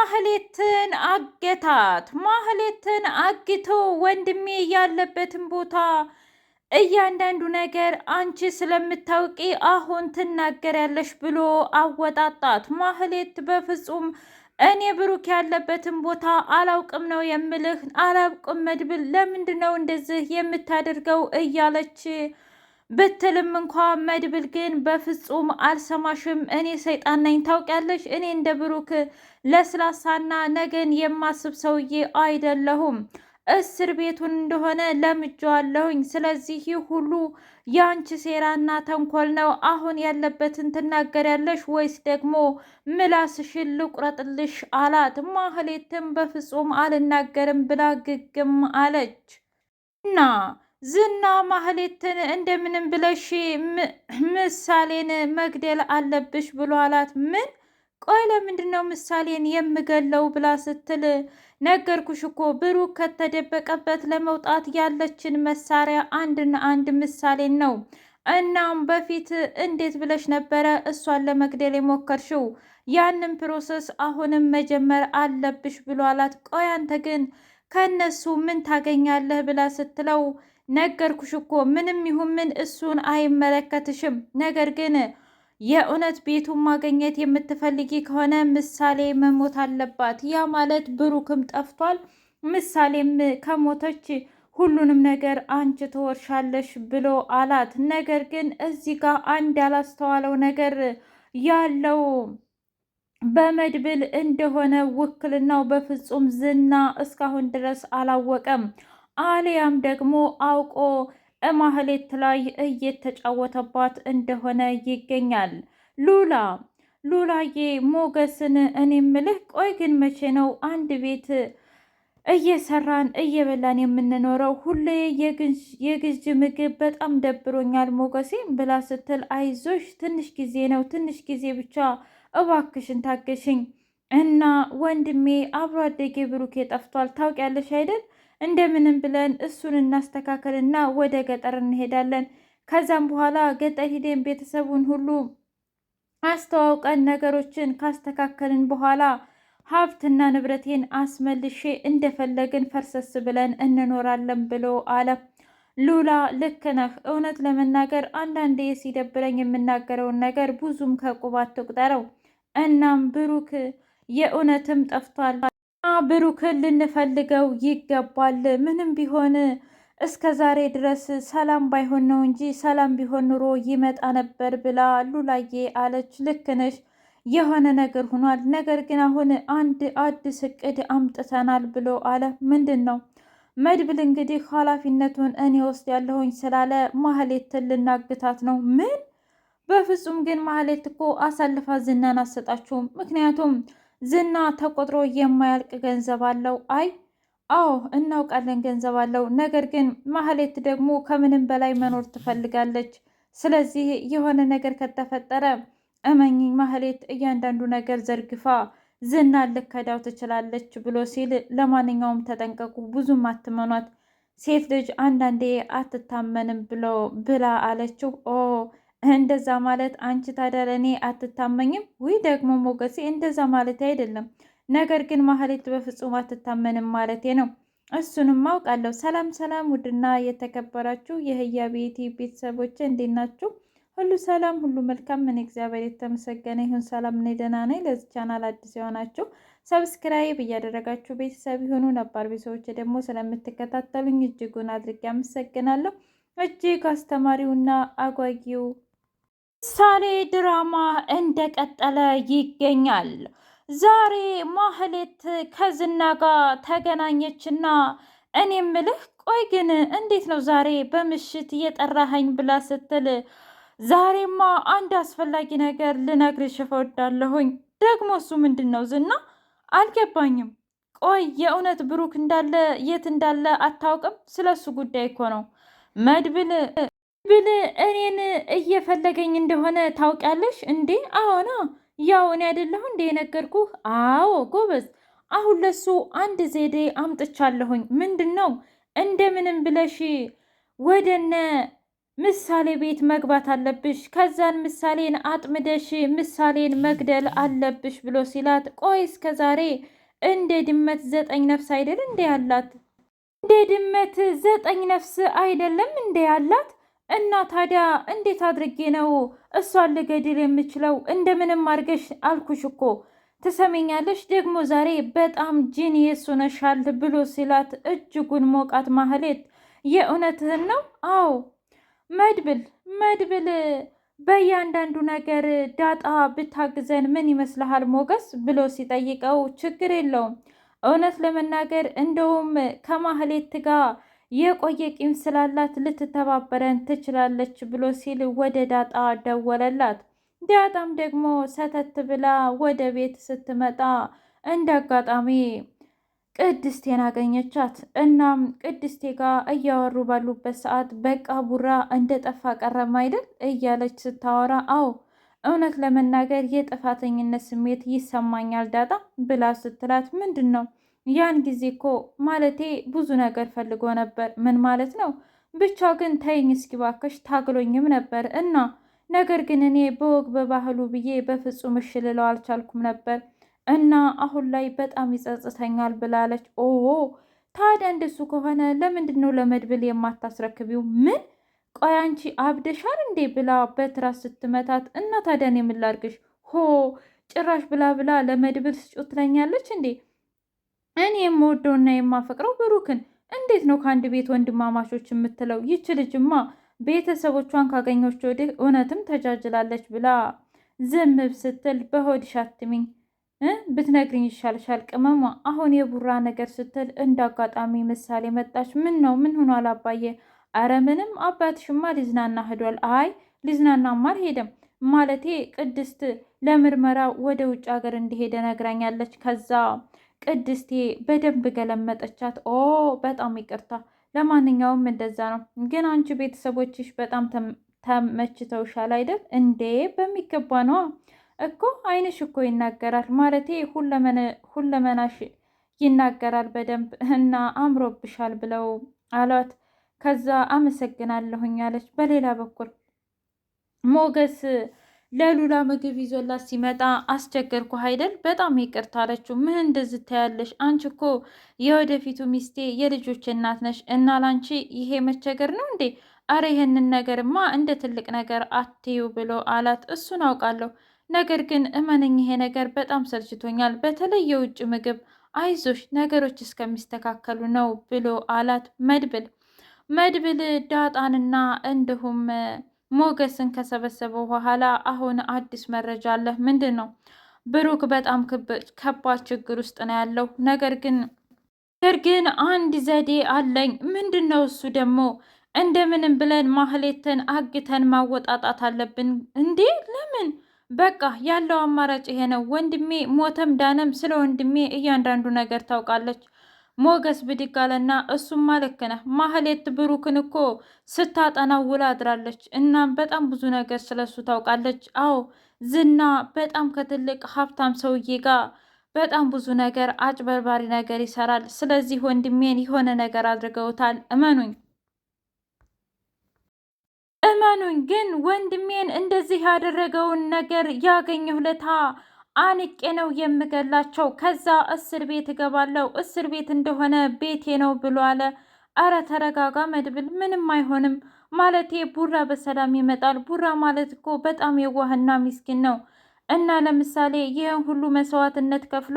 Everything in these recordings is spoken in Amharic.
ማህሌትን አገታት። ማህሌትን አግቶ ወንድሜ ያለበትን ቦታ እያንዳንዱ ነገር አንቺ ስለምታውቂ አሁን ትናገሪያለሽ ብሎ አወጣጣት። ማህሌት በፍጹም እኔ ብሩክ ያለበትን ቦታ አላውቅም ነው የምልህ፣ አላውቅም መድብል፣ ለምንድን ነው እንደዚህ የምታደርገው እያለች ብትልም እንኳ መድብል ግን በፍጹም አልሰማሽም። እኔ ሰይጣን ነኝ ታውቂያለሽ። እኔ እንደ ብሩክ ለስላሳና ነገን የማስብ ሰውዬ አይደለሁም። እስር ቤቱን እንደሆነ ለምጄዋለሁኝ። ስለዚህ ይህ ሁሉ የአንቺ ሴራና ተንኮል ነው። አሁን ያለበትን ትናገሪያለሽ ወይስ ደግሞ ምላስሽን ልቁረጥልሽ? አላት። ማህሌትም በፍጹም አልናገርም ብላ ግግም አለች እና ዝና ማህሌትን እንደምንም ብለሽ ምሳሌን መግደል አለብሽ ብሎ አላት። ምን ቆይ ለምንድን ነው ምሳሌን የምገለው ብላ ስትል ነገርኩሽ እኮ ብሩክ ከተደበቀበት ለመውጣት ያለችን መሳሪያ አንድና አንድ ምሳሌን ነው። እናም በፊት እንዴት ብለሽ ነበረ እሷን ለመግደል የሞከርሽው? ያንን ፕሮሰስ አሁንም መጀመር አለብሽ ብሎ አላት። ቆይ አንተ ግን ከእነሱ ምን ታገኛለህ ብላ ስትለው ነገርኩሽ እኮ ምንም ይሁን ምን እሱን አይመለከትሽም። ነገር ግን የእውነት ቤቱን ማግኘት የምትፈልጊ ከሆነ ምሳሌ መሞት አለባት። ያ ማለት ብሩክም ጠፍቷል፣ ምሳሌም ከሞተች ሁሉንም ነገር አንቺ ትወርሻለሽ ብሎ አላት። ነገር ግን እዚህ ጋር አንድ ያላስተዋለው ነገር ያለው በመድብል እንደሆነ ውክልናው በፍጹም ዝና እስካሁን ድረስ አላወቀም። አሊያም ደግሞ አውቆ እማህሌት ላይ እየተጫወተባት እንደሆነ ይገኛል። ሉላ ሉላዬ ሞገስን እኔ ምልህ ቆይ ግን መቼ ነው አንድ ቤት እየሰራን እየበላን የምንኖረው? ሁሌ የግዥ ምግብ በጣም ደብሮኛል ሞገሴ ብላ ስትል አይዞሽ ትንሽ ጊዜ ነው ትንሽ ጊዜ ብቻ እባክሽን ታገሽኝ እና ወንድሜ አብሮ አደጌ ብሩኬ ጠፍቷል ታውቂያለሽ አይደል እንደምንም ብለን እሱን እናስተካከልና ወደ ገጠር እንሄዳለን። ከዛም በኋላ ገጠር ሂደን ቤተሰቡን ሁሉ አስተዋውቀን ነገሮችን ካስተካከልን በኋላ ሀብትና ንብረቴን አስመልሼ እንደፈለግን ፈርሰስ ብለን እንኖራለን ብሎ አለ። ሉላ ልክ ነህ። እውነት ለመናገር አንዳንዴ ሲደብረኝ የምናገረውን ነገር ብዙም ከቁባት ትቁጠረው። እናም ብሩክ የእውነትም ጠፍቷል። ብሩክን ልንፈልገው ይገባል። ምንም ቢሆን እስከ ዛሬ ድረስ ሰላም ባይሆን ነው እንጂ ሰላም ቢሆን ኑሮ ይመጣ ነበር ብላ ሉላዬ አለች። ልክ ነሽ፣ የሆነ ነገር ሆኗል። ነገር ግን አሁን አንድ አዲስ እቅድ አምጥተናል ብሎ አለ። ምንድን ነው? መድብል እንግዲህ ኃላፊነቱን እኔ ወስድ ያለሁኝ ስላለ ማህሌትን ልናግታት ነው። ምን? በፍጹም ግን ማህሌት እኮ አሳልፋ ዝናን አሰጣችሁም። ምክንያቱም ዝና ተቆጥሮ የማያልቅ ገንዘብ አለው። አይ አዎ እናውቃለን፣ ገንዘብ አለው። ነገር ግን ማህሌት ደግሞ ከምንም በላይ መኖር ትፈልጋለች። ስለዚህ የሆነ ነገር ከተፈጠረ እመኝ ማህሌት እያንዳንዱ ነገር ዘርግፋ ዝና ልከዳው ትችላለች ብሎ ሲል፣ ለማንኛውም ተጠንቀቁ፣ ብዙም አትመኗት፣ ሴት ልጅ አንዳንዴ አትታመንም ብሎ ብላ አለችው። ኦ እንደዛ ማለት አንቺ ታዲያ ለእኔ አትታመኝም? ውይ ደግሞ ሞገሴ እንደዛ ማለት አይደለም። ነገር ግን ማህሌት በፍጹም አትታመንም ማለቴ ነው። እሱንም አውቃለሁ። ሰላም ሰላም! ውድና የተከበራችሁ የህያ ቤቲ ቤተሰቦች እንዴት ናችሁ? ሁሉ ሰላም፣ ሁሉ መልካም። ምን እግዚአብሔር የተመሰገነ ይሁን። ሰላም እኔ ደህና ነኝ። ለዚህ ቻናል አዲስ የሆናችሁ ሰብስክራይብ እያደረጋችሁ ቤተሰብ ይሁኑ። ነባር ቤተሰቦች ደግሞ ስለምትከታተሉኝ እጅጉን አድርጌ አመሰግናለሁ። እጅግ አስተማሪውና አጓጊው ምሳሌ ድራማ እንደቀጠለ ይገኛል። ዛሬ ማህሌት ከዝና ጋር ተገናኘችና እኔ ምልህ ቆይ ግን እንዴት ነው ዛሬ በምሽት እየጠራኸኝ ብላ ስትል ዛሬማ አንድ አስፈላጊ ነገር ልነግርሽ እወዳለሁኝ። ደግሞ እሱ ምንድን ነው ዝና? አልገባኝም። ቆይ የእውነት ብሩክ እንዳለ የት እንዳለ አታውቅም? ስለሱ ጉዳይ እኮ ነው መድብል ብል እኔን እየፈለገኝ እንደሆነ ታውቂያለሽ እንዴ? አዎና፣ ያው እኔ አይደለሁ እንዴ የነገርኩህ? አዎ ጎበዝ። አሁን ለሱ አንድ ዘዴ አምጥቻለሁኝ። ምንድን ነው? እንደምንም ብለሽ ወደነ ምሳሌ ቤት መግባት አለብሽ። ከዛን ምሳሌን አጥምደሽ ምሳሌን መግደል አለብሽ ብሎ ሲላት፣ ቆይ እስከ ዛሬ እንደ ድመት ዘጠኝ ነፍስ አይደል እንዴ ያላት? እንደ ድመት ዘጠኝ ነፍስ አይደለም እንዴ ያላት? እና ታዲያ እንዴት አድርጌ ነው እሷን ልገድል የምችለው? እንደምንም አድርገሽ አልኩሽ እኮ ትሰሚኛለሽ። ደግሞ ዛሬ በጣም ጂን የሱ ነሻል ብሎ ሲላት እጅጉን ሞቃት ማህሌት። የእውነትህን ነው? አዎ መድብል መድብል በእያንዳንዱ ነገር ዳጣ ብታግዘን ምን ይመስልሃል ሞገስ ብሎ ሲጠይቀው ችግር የለውም እውነት ለመናገር እንደውም ከማህሌት ጋር የቆየ ቂም ስላላት ልትተባበረን ትችላለች ብሎ ሲል ወደ ዳጣ ደወለላት። ዳጣም ደግሞ ሰተት ብላ ወደ ቤት ስትመጣ እንደ አጋጣሚ ቅድስቴን አገኘቻት። እናም ቅድስቴ ጋር እያወሩ ባሉበት ሰዓት በቃ ቡራ እንደ ጠፋ ቀረም አይደል እያለች ስታወራ፣ አዎ እውነት ለመናገር የጥፋተኝነት ስሜት ይሰማኛል ዳጣ ብላ ስትላት ምንድን ነው ያን ጊዜ እኮ ማለቴ ብዙ ነገር ፈልጎ ነበር። ምን ማለት ነው? ብቻ ግን ተይኝ እስኪ ባከሽ። ታግሎኝም ነበር እና ነገር ግን እኔ በወግ በባህሉ ብዬ በፍጹም እሺ ልለው አልቻልኩም ነበር እና አሁን ላይ በጣም ይጸጽተኛል ብላለች። ኦ ታዲያ እንደሱ ከሆነ ለምንድን ነው ለመድብል የማታስረክቢው? ምን ቆይ አንቺ አብደሻል እንዴ? ብላ በትራስ ስትመታት እና ታዲያ እኔ ሆ ጭራሽ ብላ ብላ ለመድብል ስጩ ትለኛለች እንዴ? እኔ የምወደውና የማፈቅረው ብሩክን እንዴት ነው ከአንድ ቤት ወንድማማቾች የምትለው? ይች ልጅማ ቤተሰቦቿን ካገኘች ወዲህ እውነትም ተጃጅላለች ብላ ዝምብ ስትል በሆድሽ አትሚኝ ብትነግሪኝ ይሻልሻል ቅመሟ። አሁን የቡራ ነገር ስትል እንደ አጋጣሚ ምሳሌ መጣች። ምን ነው ምን ሆኖ አላባየ? አረ ምንም አባትሽማ ሊዝናና ሂዷል አይ ሊዝናናማ አልሄደም ማለቴ ቅድስት ለምርመራ ወደ ውጭ ሀገር እንደሄደ ነግራኛለች። ከዛ ቅድስቴ በደንብ ገለመጠቻት። ኦ በጣም ይቅርታ። ለማንኛውም እንደዛ ነው። ግን አንቺ ቤተሰቦችሽ በጣም ተመችተውሻል አይደል? እንዴ በሚገባ ነዋ እኮ አይንሽ እኮ ይናገራል። ማለቴ ሁለመናሽ ይናገራል በደንብ እና አምሮብሻል ብለው አሏት። ከዛ አመሰግናለሁኝ አለች። በሌላ በኩል ሞገስ ለሉላ ምግብ ይዞላት ሲመጣ አስቸገርኩ አይደል? በጣም ይቅርታ አለችው። ምን እንደዚህ ታያለሽ? አንቺ እኮ የወደፊቱ ሚስቴ የልጆች እናት ነሽ እና ላንቺ ይሄ መቸገር ነው እንዴ? አረ ይህንን ነገርማ እንደ ትልቅ ነገር አትዩ ብሎ አላት። እሱን አውቃለሁ፣ ነገር ግን እመነኝ ይሄ ነገር በጣም ሰልችቶኛል፣ በተለይ የውጭ ምግብ። አይዞሽ ነገሮች እስከሚስተካከሉ ነው ብሎ አላት። መድብል መድብል ዳጣንና እንዲሁም ሞገስን ከሰበሰበው በኋላ አሁን አዲስ መረጃ አለ። ምንድን ነው? ብሩክ በጣም ከባድ ችግር ውስጥ ነው ያለው። ነገር ግን ነገር ግን አንድ ዘዴ አለኝ። ምንድን ነው እሱ? ደግሞ እንደምንም ብለን ማህሌትን አግተን ማወጣጣት አለብን። እንዴ ለምን? በቃ ያለው አማራጭ ይሄ ነው። ወንድሜ ሞተም ዳነም ስለ ወንድሜ እያንዳንዱ ነገር ታውቃለች። ሞገስ ብድግ አለና እሱማ ልክ ነህ ማህሌት ብሩክን እኮ ስታጠናው ውላ አድራለች። እናም በጣም ብዙ ነገር ስለሱ ታውቃለች። አዎ ዝና በጣም ከትልቅ ሀብታም ሰውዬ ጋር በጣም ብዙ ነገር አጭበርባሪ ነገር ይሰራል። ስለዚህ ወንድሜን የሆነ ነገር አድርገውታል። እመኑኝ እመኑኝ ግን ወንድሜን እንደዚህ ያደረገውን ነገር ያገኘ ሁለታ አንቄ ነው የምገላቸው። ከዛ እስር ቤት እገባለሁ። እስር ቤት እንደሆነ ቤቴ ነው ብሎ አለ። አረ ተረጋጋ መድብል፣ ምንም አይሆንም። ማለቴ ቡራ በሰላም ይመጣል። ቡራ ማለት እኮ በጣም የዋህና ሚስኪን ነው እና ለምሳሌ ይህን ሁሉ መስዋዕትነት ከፍሎ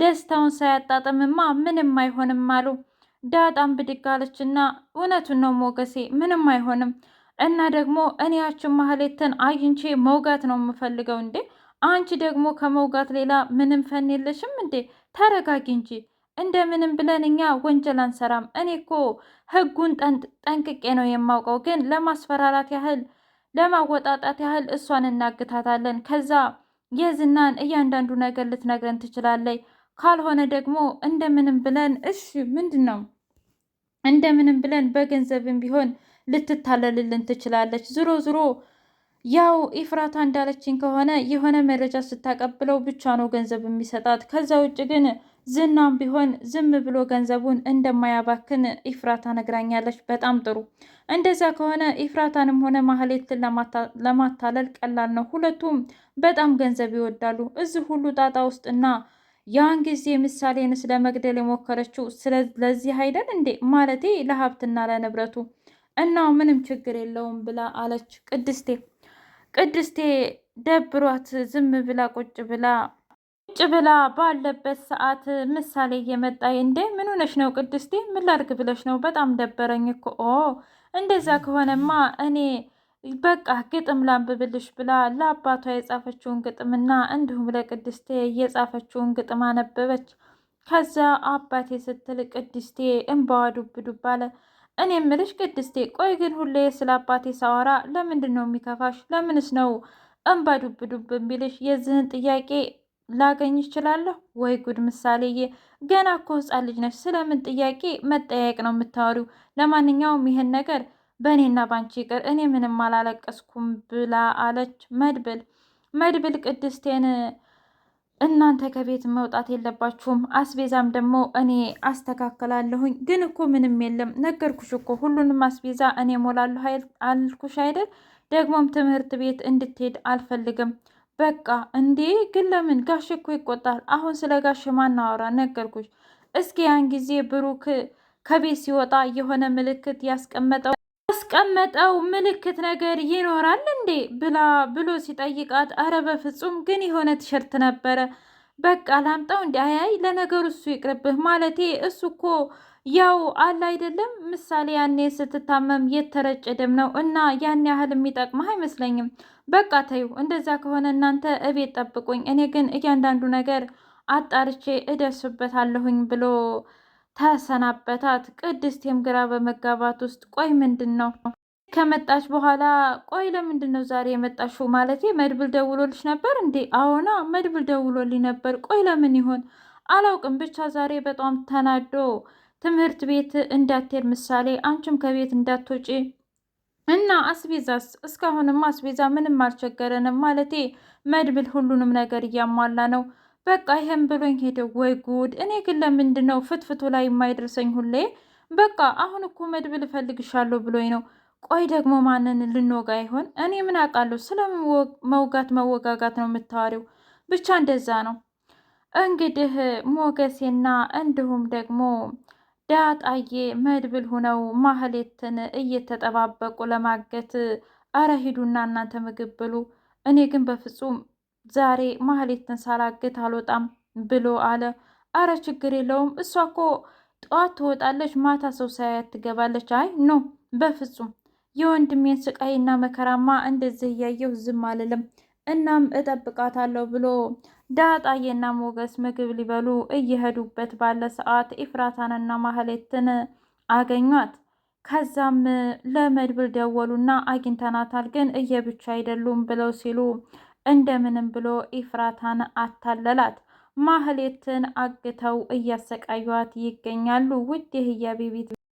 ደስታውን ሳያጣጥምማ ምንም አይሆንም አሉ። ዳጣም ብድግ አለችና እውነቱን ነው ሞገሴ፣ ምንም አይሆንም። እና ደግሞ እኔያችን ማህሌትን አግኝቼ መውጋት ነው የምፈልገው እንዴ አንቺ ደግሞ ከመውጋት ሌላ ምንም ፈን የለሽም እንዴ? ተረጋጊ እንጂ እንደምንም ብለን እኛ ወንጀል አንሰራም። እኔ እኮ ህጉን ጠንቅቄ ነው የማውቀው፣ ግን ለማስፈራራት ያህል ለማወጣጣት ያህል እሷን እናግታታለን። ከዛ የዝናን እያንዳንዱ ነገር ልትነግረን ትችላለች። ካልሆነ ደግሞ እንደምንም ብለን እሺ፣ ምንድን ነው እንደምንም ብለን በገንዘብም ቢሆን ልትታለልልን ትችላለች። ዝሮ ዝሮ ያው ኢፍራታ እንዳለችኝ ከሆነ የሆነ መረጃ ስታቀብለው ብቻ ነው ገንዘብ የሚሰጣት። ከዛ ውጭ ግን ዝናም ቢሆን ዝም ብሎ ገንዘቡን እንደማያባክን ኢፍራታ ነግራኛለች። በጣም ጥሩ። እንደዛ ከሆነ ኢፍራታንም ሆነ ማህሌትን ለማታለል ቀላል ነው። ሁለቱም በጣም ገንዘብ ይወዳሉ። እዚህ ሁሉ ጣጣ ውስጥና ያን ጊዜ ምሳሌን ስለ መግደል የሞከረችው ስለዚህ አይደል እንዴ? ማለቴ ለሀብትና ለንብረቱ እና ምንም ችግር የለውም ብላ አለች ቅድስቴ ቅድስቴ ደብሯት ዝም ብላ ቁጭ ብላ ቁጭ ብላ ባለበት ሰዓት ምሳሌ እየመጣ እንዴ ምን ሆነሽ ነው ቅድስቴ? ምን ላድርግ ብለሽ ነው? በጣም ደበረኝ እኮ። ኦ እንደዛ ከሆነማ እኔ በቃ ግጥም ላንብብልሽ ብላ ለአባቷ የጻፈችውን ግጥምና እንዲሁም ለቅድስቴ የጻፈችውን ግጥም አነበበች። ከዛ አባቴ ስትል ቅድስቴ እንባዋ ዱብ ዱብ አለ። እኔ ምልሽ ቅድስቴ፣ ቆይ ግን ሁሌ ስለ አባቴ ሳወራ ለምንድን ነው የሚከፋሽ? ለምንስ ነው እንባ ዱብ ዱብ የሚልሽ? የዚህን ጥያቄ ላገኝ ይችላለሁ ወይ? ጉድ ምሳሌዬ፣ ገና እኮ ህፃን ልጅ ነች ስለምን ጥያቄ መጠያየቅ ነው የምታወሪው? ለማንኛውም ይህን ነገር በእኔና ባንቺ ይቅር፣ እኔ ምንም አላለቀስኩም ብላ አለች መድብል። መድብል ቅድስቴን እናንተ ከቤት መውጣት የለባችሁም። አስቤዛም ደግሞ እኔ አስተካከላለሁኝ ግን እኮ ምንም የለም ነገርኩሽ እኮ ሁሉንም አስቤዛ እኔ ሞላለሁ አልኩሽ አይደል? ደግሞም ትምህርት ቤት እንድትሄድ አልፈልግም። በቃ እንዴ! ግን ለምን ጋሽ እኮ ይቆጣል። አሁን ስለ ጋሽ ማናወራ ነገርኩሽ። እስኪ ያን ጊዜ ብሩክ ከቤት ሲወጣ የሆነ ምልክት ያስቀመጠው ያስቀመጠው ምልክት ነገር ይኖራል እንዴ ብላ ብሎ ሲጠይቃት፣ አረ በፍጹም ግን የሆነ ቲሸርት ነበረ በቃ ላምጣው እንዲ። አያይ ለነገሩ እሱ ይቅርብህ። ማለቴ እሱ እኮ ያው አለ አይደለም ምሳሌ ያኔ ስትታመም የተረጨ ደም ነው እና ያን ያህል የሚጠቅመህ አይመስለኝም። በቃ ተዩ። እንደዛ ከሆነ እናንተ እቤት ጠብቁኝ፣ እኔ ግን እያንዳንዱ ነገር አጣርቼ እደርስበታለሁኝ ብሎ ተሰናበታት። ቅድስቴም ግራ በመጋባት ውስጥ ቆይ ምንድን ነው ከመጣች በኋላ ቆይ ለምንድን ነው ዛሬ የመጣሽው? ማለቴ መድብል ደውሎልሽ ነበር እንዴ? አዎና መድብል ደውሎልኝ ነበር። ቆይ ለምን ይሆን አላውቅም። ብቻ ዛሬ በጣም ተናዶ ትምህርት ቤት እንዳትሄድ ምሳሌ፣ አንቺም ከቤት እንዳትወጪ እና አስቤዛስ? እስካሁንም አስቤዛ ምንም አልቸገረንም። ማለቴ መድብል ሁሉንም ነገር እያሟላ ነው በቃ ይሄን ብሎኝ ሄደ። ወይ ጉድ! እኔ ግን ለምንድን ነው ፍትፍቱ ላይ የማይደርሰኝ ሁሌ? በቃ አሁን እኮ መድብል እፈልግሻለሁ ብሎኝ ነው። ቆይ ደግሞ ማንን ልንወጋ ይሆን? እኔ ምን አውቃለሁ? ስለ መውጋት መወጋጋት ነው የምታወሪው። ብቻ እንደዛ ነው እንግዲህ ሞገሴና እንዲሁም ደግሞ ዳጣዬ መድብል ሁነው ማህሌትን እየተጠባበቁ ለማገት አረ ሂዱና እናንተ ምግብ ብሉ። እኔ ግን በፍጹም ዛሬ ማህሌትን ሳላግት አልወጣም ብሎ አለ። አረ ችግር የለውም እሷ እኮ ጠዋት ትወጣለች፣ ማታ ሰው ሳያት ትገባለች። አይ ኖ በፍጹም የወንድሜን ስቃይና መከራማ እንደዚህ እያየሁ ዝም አልልም። እናም እጠብቃታለሁ ብሎ ዳጣዬና ሞገስ ምግብ ሊበሉ እየሄዱበት ባለ ሰዓት ኢፍራታንና ማህሌትን አገኟት። ከዛም ለመድብል ደወሉና አግኝተናታል፣ ግን እየብቻ አይደሉም ብለው ሲሉ እንደምንም ብሎ ኢፍራታን አታለላት። ማህሌትን አግተው እያሰቃዩት ይገኛሉ። ውድ የህያቤ ቤት